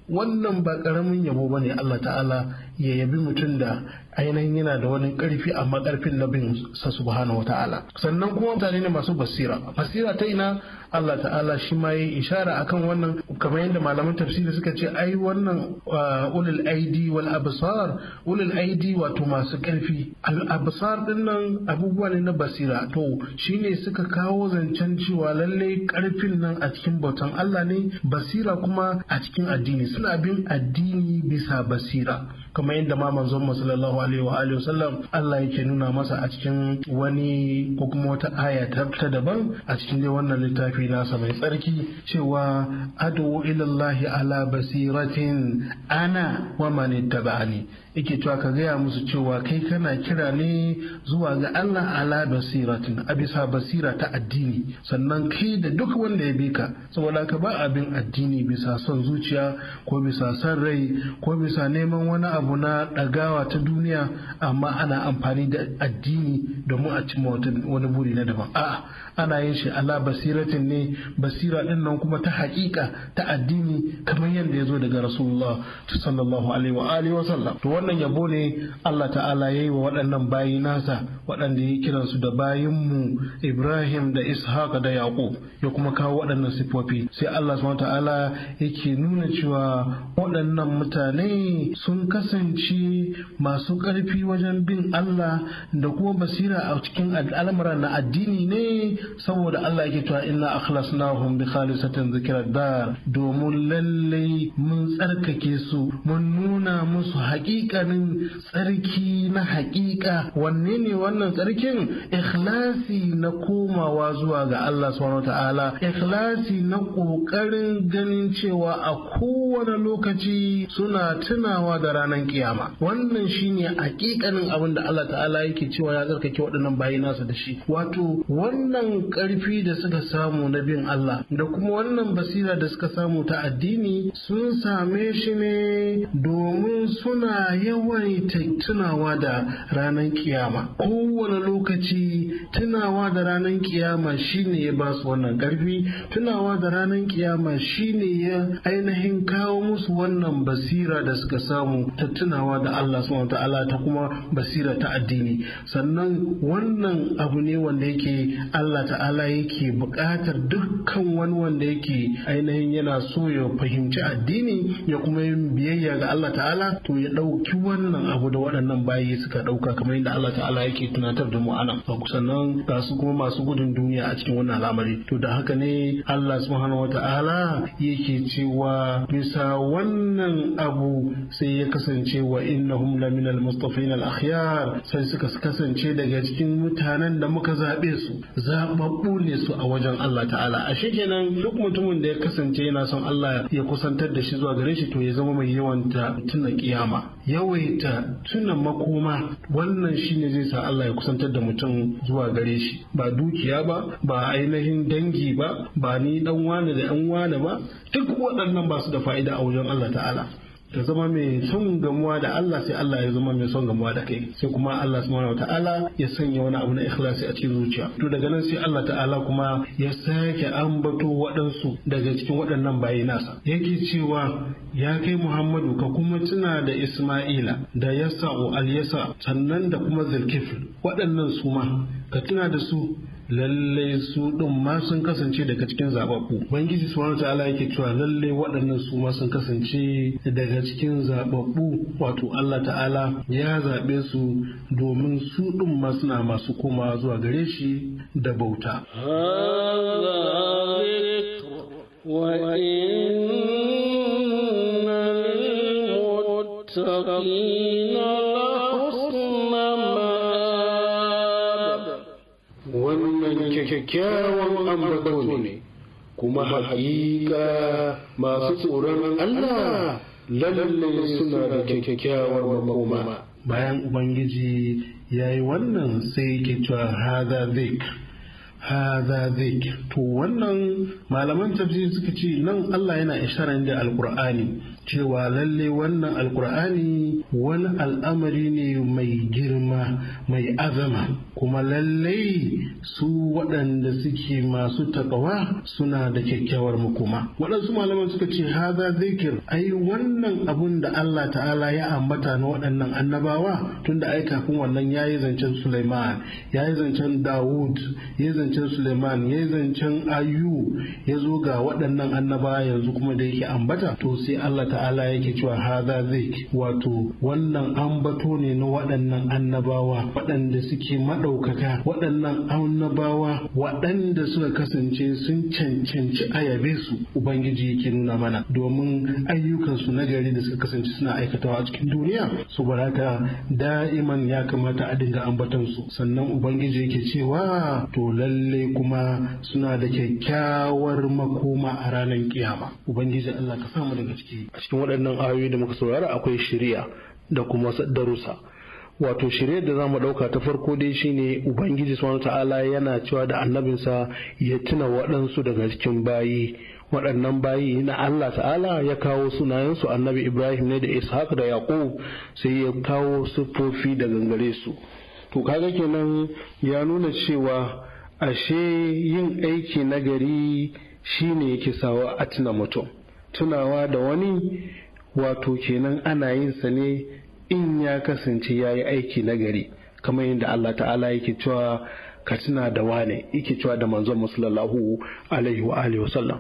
wannan ba ƙaramin yabo ba ne Allah ta'ala ya yabi mutum da ainihin yana da wani ƙarfi amma ƙarfin na bin sa subhanahu wata'ala sannan kuma mutane ne masu basira basira ta ina Allah ta'ala shi ma yayi ishara akan wannan kamar yadda malaman tafsiri suka ce ai wannan I.D uh, aidi wal absar ulil aidi wato masu karfi al absar din nan abubuwa ne na basira to shine suka kawo zancen cewa lalle karfin nan a cikin bautan Allah ne basira kuma a cikin addini suna bin addini bisa basira kamar yadda ma manzon mu sallallahu alaihi wa alihi wasallam Allah yake nuna masa a cikin wani ko kuma wata aya ta daban a cikin dai wannan littafi littafi nasa mai tsarki cewa adu ilallahi ala basiratin ana wa man ittaba'ani yake cewa ka gaya musu cewa kai kana kira ne zuwa ga Allah ala basiratin a basira ta addini sannan kai da duk wanda ya bi ka saboda ka ba abin addini bisa son zuciya ko bisa son rai ko bisa neman wani abu na dagawa ta duniya amma ana amfani da addini domin a cimma wani buri na daban a'a ana yin shi ala basiratin ne basira din nan kuma ta hakika ta addini kamar yadda ya zo daga rasulullah sallallahu alaihi wa alihi wa sallam wannan yabo ne Allah ta'ala ya yi wa waɗannan bayi nasa waɗanda ya kiran su da bayinmu Ibrahim da Ishaq da Yaqub ya kuma kawo waɗannan sifofi sai Allah subhanahu ta'ala yake nuna cewa waɗannan mutane sun kasance masu ƙarfi wajen bin Allah da kuma basira a cikin al'amura na addini ne saboda Allah yake cewa inna akhlasnahum bi khalisatan zikirar da domin lallai mun tsarkake su mun nuna musu haƙiƙa hakikanin tsarki na hakika wanne ne wannan tsarkin ikhlasi na komawa zuwa ga Allah subhanahu ta'ala ikhlasi na ƙoƙarin ganin cewa a kowane lokaci suna tunawa da ranar kiyama wannan shine hakikanin abin da Allah ta'ala yake cewa ya tsarkake waɗannan bayi nasa da shi wato wannan ƙarfi da suka samu na bin Allah da kuma wannan basira da suka samu ta addini sun same shi ne domin suna yi ta tunawa da ranar kiyama kowane lokaci tunawa da ranar kiyama shine ya ba su wannan karfi tunawa da ranar kiyama shine ya ainihin kawo musu wannan basira da suka samu ta tunawa da Allah subhanahu ta'ala ta kuma basira ta addini sannan wannan abu ne wanda yake Allah ta'ala yake buƙatar dukkan wani wanda yake ainihin yana so ya fahimci addini ya kuma yin biyayya ga Allah ta'ala to ya ɗauki ɗauki wannan abu da waɗannan bayi suka ɗauka kamar yadda Allah ta'ala yake tunatar da mu anan sannan ga su kuma masu gudun duniya a cikin wannan al'amari to da haka ne Allah subhanahu wata'ala yake cewa bisa wannan abu sai ya kasance wa innahum laminal mustafin al akhyar sai suka kasance daga cikin mutanen da muka zaɓe su zaɓaɓɓu ne su a wajen Allah ta'ala ashe kenan duk mutumin da ya kasance yana son Allah ya kusantar da shi zuwa gare shi to ya zama mai yawan tuna kiyama yawaita tuna makoma wannan shi ne zai sa Allah ya kusantar da mutum zuwa gare shi ba dukiya ba ba ainihin dangi ba ba ni dan wane da yan wane ba duk waɗannan ba su da fa'ida a wajen Allah ta'ala ta zama mai son gamuwa da Allah sai Allah ya zama mai son gamuwa da kai sai kuma Allah subhanahu ta'ala ya sanya wani abu na ikhlasi a cikin zuciya to daga nan sai Allah ta'ala kuma ya sake ambato waɗansu daga cikin waɗannan bayi nasa yake cewa ya kai Muhammadu ka kuma tuna da Isma'ila da Yasa'u al-Yasa sannan da kuma Zulkifl waɗannan su ma ka tuna da su lallai su ɗin ma sun kasance daga cikin zaɓaɓɓu. Ubangiji wani ta'ala yake cewa lallai waɗannan su ma sun kasance daga cikin zaɓaɓɓu wato Allah ta'ala ya zaɓe su domin su ɗin ma suna masu koma zuwa gare shi da bauta. وإن kyakkyawan ambato ne kuma haƙiƙa masu tsoron Allah lalle suna da kyakkyawar makoma bayan ubangiji ya yi wannan sai ke cewa haza zik haza zik to wannan malaman tafsir suka ce nan Allah yana isharar da alkur'ani cewa lalle wannan alkur'ani wani al'amari ne mai girma mai azama kuma lalle su waɗanda suke masu takawa suna da kyakkyawar makoma waɗansu malaman suka ce haza zikir ai wannan abun da Allah ta'ala ya ambata na waɗannan annabawa tun da ai kafin wannan ya yi zancen Suleiman, ya yi zancen Dawud ya yi zancen Suleiman, ya yi zancen Ayu ya zo ga waɗannan annabawa yanzu kuma da yake ambata to sai Allah ta ta'ala yake cewa haza zai wato wannan ambato ne na waɗannan annabawa waɗanda suke maɗaukaka waɗannan annabawa waɗanda suka kasance sun cancanci ayabe su ubangiji yake nuna mana domin ayyukansu na gari da suka kasance suna aikatawa a cikin duniya su baraka da'iman ya kamata a dinga ambatansu sannan ubangiji yake cewa to lalle kuma suna da kyakkyawar makoma a ranar kiyama ubangiji Allah ka samu daga ciki cikin waɗannan ayoyi da muka saurara akwai shiriya da kuma darusa wato shirye da zamu ɗauka ta farko dai shine ubangiji subhanahu ta'ala yana cewa da annabinsa ya tuna waɗansu daga cikin bayi waɗannan bayi na Allah ta'ala ya kawo sunayensu annabi Ibrahim ne da Ishaq da Yaqub sai ya kawo siffofi da gangare su to kaga kenan ya nuna cewa ashe yin aiki na nagari shine yake sawa a tuna mutum tunawa da wani wato kenan ana yin sa ne in ya kasance ya yi aiki gari kamar yadda Allah ta'ala yake cewa ka tuna da wane yake cewa da manzon musallallahu alaihi wa alihi wasallam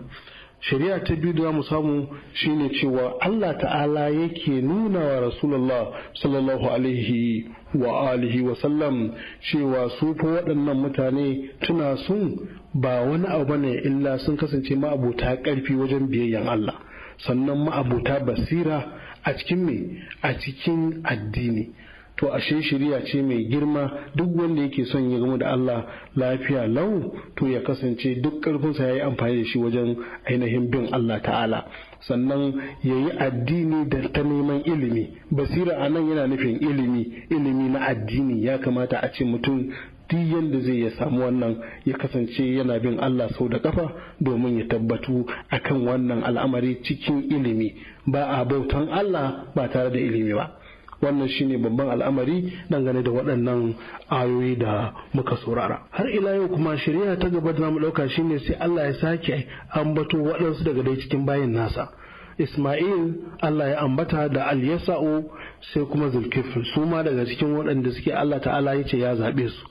shari'a ta biyu da mu samu shine cewa Allah ta'ala yake nuna wa rasulullah sallallahu alaihi wa alihi wa sallam cewa su fa waɗannan mutane tuna sun ba wani abu ne illa sun kasance ma'abuta ƙarfi wajen biyayyan Allah sannan ma'abuta basira a cikin me a cikin addini to ashe shiriya ce mai girma duk wanda yake son ya gamu da Allah lafiya lau to ya kasance duk ƙarfinsa ya yi amfani da shi wajen ainihin bin Allah ta'ala sannan ya yi addini da ta neman ilimi basira a nan yana nufin ilimi ilimi na addini ya kamata a ce mutum duk yadda zai ya samu wannan ya kasance yana bin Allah sau da kafa domin ya tabbatu a kan wannan al'amari cikin ilimi ba a bautan Allah ba tare da ilimi ba wannan shine babban al'amari dangane da waɗannan ayoyi da muka saurara har ila yau kuma shari'a ta gaba da zamu ɗauka shine sai Allah ya sake ambato waɗansu daga dai cikin bayin nasa Ismail Allah ya ambata da al sai kuma Zulkifl Suma daga cikin waɗanda suke Allah ta'ala ya ce ya zaɓe su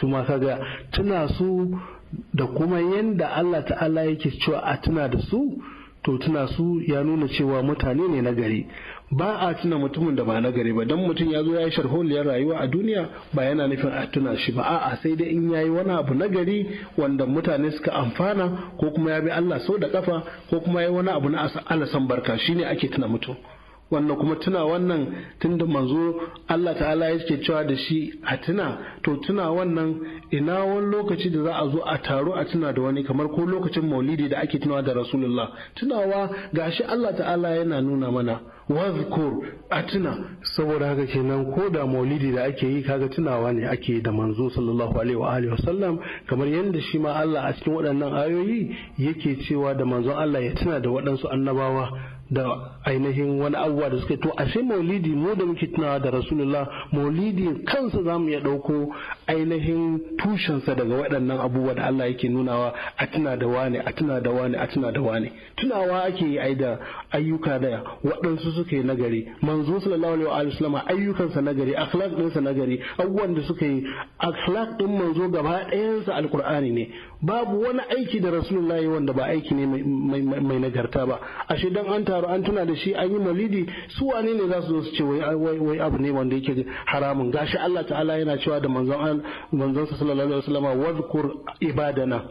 su ma kaga tuna su da kuma yanda Allah ta'ala yake cewa a tuna da su to tuna su ya nuna cewa mutane ne na gari ba a tuna mutumin da ba na gari ba don mutum ya zo ya yi sharholiyar rayuwa a duniya ba yana nufin a tuna shi ba a'a sai dai in ya yi wani abu na wanda mutane suka amfana ko kuma ya bi Allah sau da kafa ko kuma ya yi wani abu na alasan barka shine ake tuna mutum wannan kuma tuna wannan tunda manzo Allah ta'ala Ya yake cewa da shi a tuna to tuna wannan ina wani lokaci da za a zo a taro a tuna da wani kamar ko lokacin maulidi da ake tunawa da rasulullah tunawa gashi Allah ta'ala yana nuna mana wazkur a tuna saboda haka kenan ko da maulidi da ake yi kaga tunawa ne ake da manzo sallallahu alaihi wa alihi wasallam kamar yadda shi ma Allah a cikin waɗannan ayoyi yake cewa da manzon Allah ya tuna da waɗansu annabawa da ainihin wani abubuwa da suka to ashe maulidi mu da muke tunawa da rasulullah maulidi kansa za mu iya ɗauko ainihin tushensa daga waɗannan abubuwa da Allah yake nunawa a tuna da wane a tuna da wane a tuna da wane tunawa ake yi ai da ayyuka da waɗansu suka yi nagari manzo sallallahu alaihi wa sallam ayyukansa nagari akhlaq ɗinsa nagari abubuwan da suka yi akhlaq ɗin manzo gaba ɗayansa alqur'ani ne babu wani aiki da rasulullahi wanda ba aiki ne mai nagarta ba ashe dan an taru an tuna da shi an yi maulidi su wane ne za su zo su ce wai abu ne wanda yake haramun gashi Allah ta'ala yana cewa da manzon manzon sallallahu alaihi wasallama wadhkur ibadana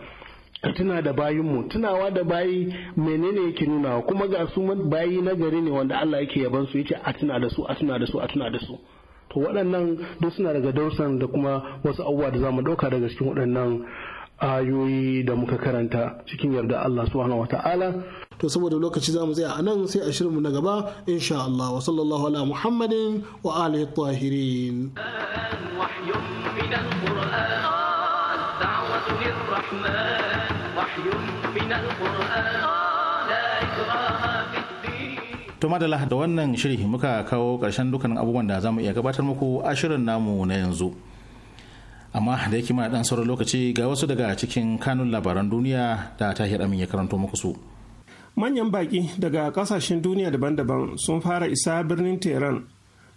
ka tuna da bayinmu tunawa da bayi menene yake nunawa kuma ga su bayi na gari ne wanda Allah yake yaban su yace a tuna da su a tuna da su a tuna da su to waɗannan duk suna daga dausan da kuma wasu abubuwa da za mu ɗauka daga cikin waɗannan ayoyi da muka karanta cikin yarda Allah subhanahu ta'ala. to saboda lokaci za mu tsaya a nan sai a shirinmu na gaba insha Allah wa sallallahu ala muhammadin wa alihi tahirin To madala da wannan shiri muka kawo ƙarshen dukkanin abubuwan da za mu iya gabatar muku a shirin namu na yanzu. amma da yake mana dan sauran lokaci ga wasu daga cikin kanun labaran duniya da tahir amin ya karanto muku su manyan baki daga kasashen duniya daban-daban sun fara isa birnin tehran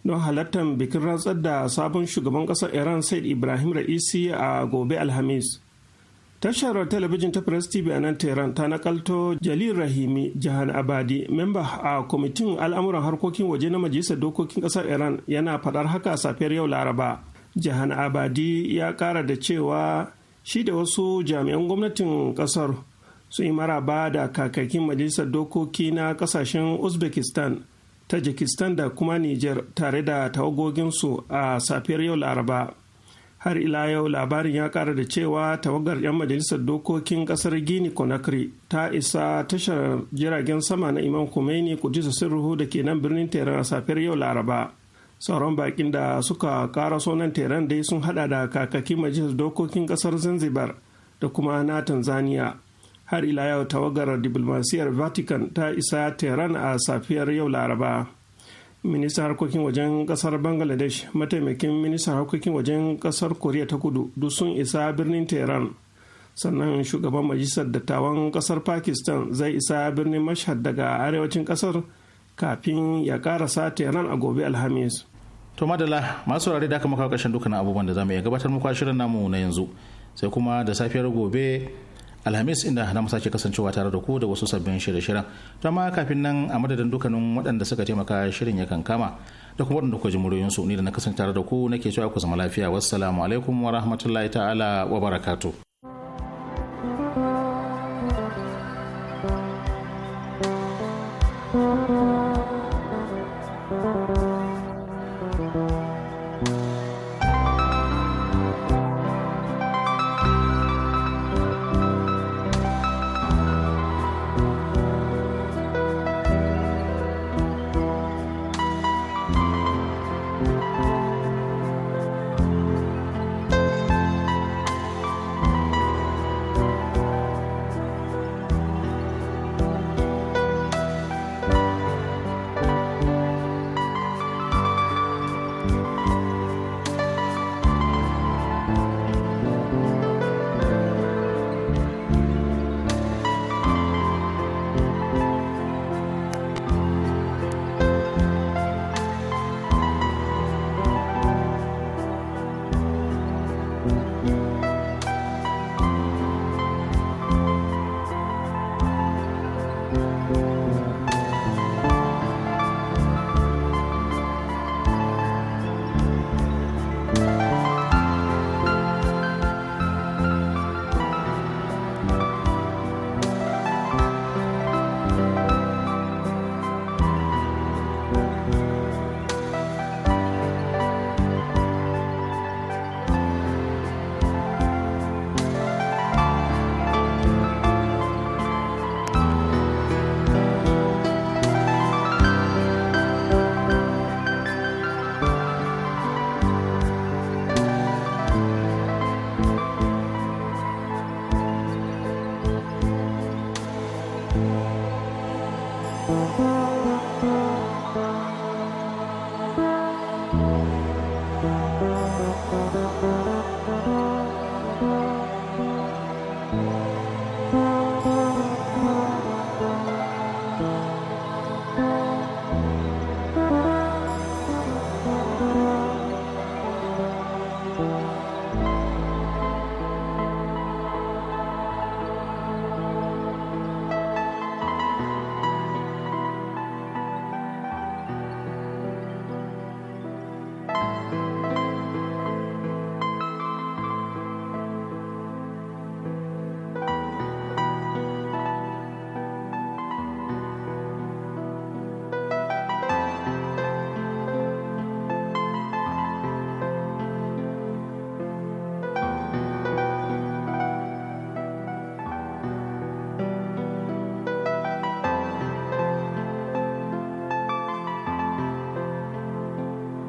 don halartar bikin rantsar da sabon shugaban kasar iran said ibrahim ra'isi a gobe alhamis tashar talabijin ta press tv a nan tehran ta nakalto jalil rahimi jahan abadi memba a kwamitin al'amuran harkokin waje na majalisar dokokin kasar iran yana faɗar haka safiyar yau laraba jihan abadi ya kara da cewa shi da wasu jami'an gwamnatin kasar su yi maraba da kakakin majalisar dokoki na kasashen uzbekistan tajikistan da kuma niger tare da tawagoginsu a safiyar yau laraba har ila yau labarin ya kara da cewa tawagar 'yan majalisar dokokin kasar gini conakry ta isa tashar jiragen sama na imam khomeini kudisa sirruhu da ke nan birnin teran a safiyar yau laraba sauran bakin da suka kara sonan teran dai sun hada da kakaki majalisar dokokin kasar zanzibar da kuma na tanzania har ila yau tawagar diplomasiyar vatican ta isa teran a safiyar yau laraba ministan harkokin wajen kasar bangladesh mataimakin ministan harkokin wajen kasar koriya ta kudu duk sun isa birnin teran sannan shugaban majalisar dattawan kasar pakistan zai isa birnin mashhad daga arewacin kasar kafin ya karasa ran a gobe alhamis to madala masu saurare da aka maka ƙarshen dukkanin abubuwan da zamu iya gabatar muku a shirin namu na yanzu sai kuma da safiyar gobe alhamis inda na mu sake kasancewa tare da ku da wasu sabbin shirye-shiryen to amma kafin nan a madadin dukkanin waɗanda suka taimaka shirin ya kankama da kuma waɗanda kuka ji muryoyinsu ni da na kasance tare da ku nake cewa ku zama lafiya wassalamu alaikum wa rahmatullahi ta'ala wa barakatu.